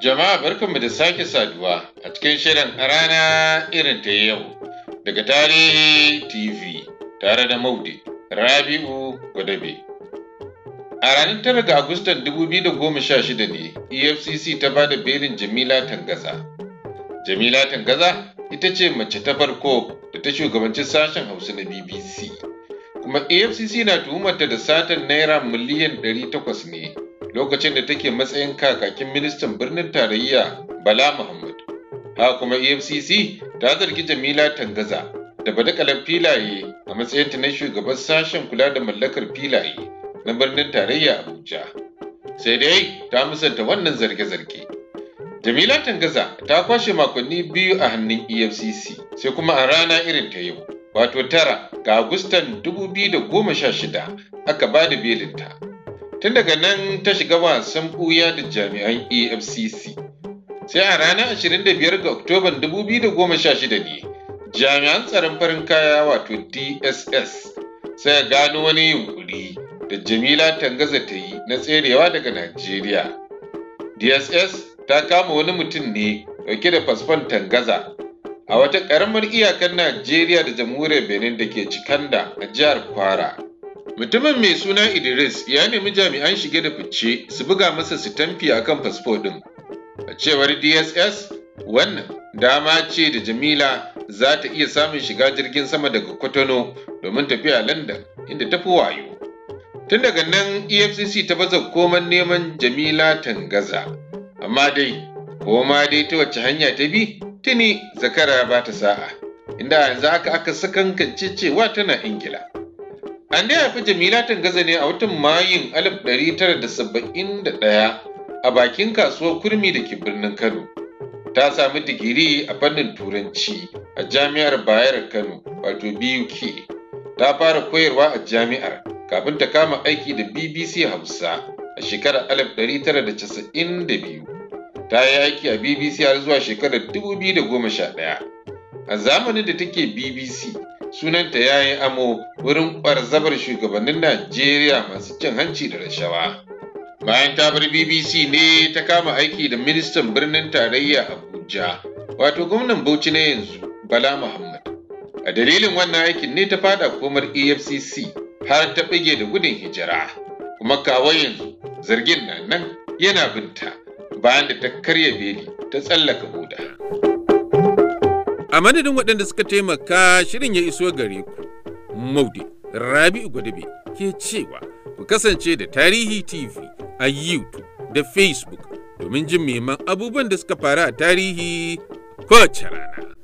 Jama'a barkanmu da sake saduwa a cikin shirin rana irin ta yau daga tarihi TV tare da Maude Rabi'u Gwadabe. A ranar tara ga Agustan 2016 ne EFCC ta ba da belin Jamila Tangaza. Jamila Tangaza ita ce mace ta farko da ta shugabanci sashen Hausa na BBC. Kuma EFCC na tuhumarta da satar Naira miliyan 800 ne lokacin da take matsayin kakakin ministan birnin tarayya Bala Muhammad. Haka kuma EFCC ta zargi Jamila Tangaza da badakalan filaye a matsayinta na shugaban sashen kula da mallakar filaye na birnin tarayya Abuja. Sai dai ta musanta wannan zarge-zarge. Jamila Tangaza ta kwashe makonni biyu a hannun EFCC sai kuma a rana irin ta yau, wato tara ga Agustan 2016 aka ba da belinta. Tun daga nan ta shiga wasan ɓuya da jami'an AFCC. Sai a ranar 25 ga Oktoban 2016 ne, jami'an tsaron farin kaya wato DSS sai gano wani yunkuri da Jamila Tangaza ta yi na tserewa daga Najeriya. DSS ta kama wani mutum ne dauke da fasfon Tangaza a wata ƙaramar iyakar Najeriya da jamhuriyar Benin da ke Cikanda a jihar Kwara. Mutumin mai suna Idris ya nemi jami'an shige da fice su buga masa sitamfi a kan fasfo ɗin. A cewar DSS, wannan dama ce da Jamila za ta iya samun shiga jirgin sama daga Kotono domin tafiya Landan, inda tafi wayo. Tun daga nan EFCC ta baza koman neman Jamila Tangaza. Amma dai, koma dai ta wacce hanya ta bi, tuni zakara ba ta sa'a. Inda yanzu aka aka sakankance cewa tana Ingila. An dai haifi Jamilatin Gaza ne a watan Mayun 1971 a bakin kasuwar Kurmi da ke birnin Kano. Ta sami digiri a fannin Turanci a Jami'ar Bayar Kano wato BUK. Ta fara koyarwa a jami'ar kafin ta kama aiki da BBC Hausa a shekarar 1992. Ta yi aiki a BBC har zuwa shekarar 2011. A zamanin da take BBC, sunanta ya yi amo wurin ƙwarzabar shugabannin Najeriya masu cin hanci da rashawa. Bayan ta BBC ne ta kama aiki da ministan birnin tarayya Abuja, wato gwamnan Bauchi na yanzu Bala Muhammad. A dalilin wannan aikin ne ta fada komar EFCC har ta bige da gudun hijira. Kuma kawo yanzu zargin na nan yana binta bayan da ta karya beli ta tsallaka hoda. A madadin waɗanda suka taimaka shirin ya iso gare ku, Maudi Rabi'u Gwadabe ke cewa ku kasance da Tarihi TV a YouTube da Facebook domin jin meman abubuwan da suka faru a tarihi kowace rana.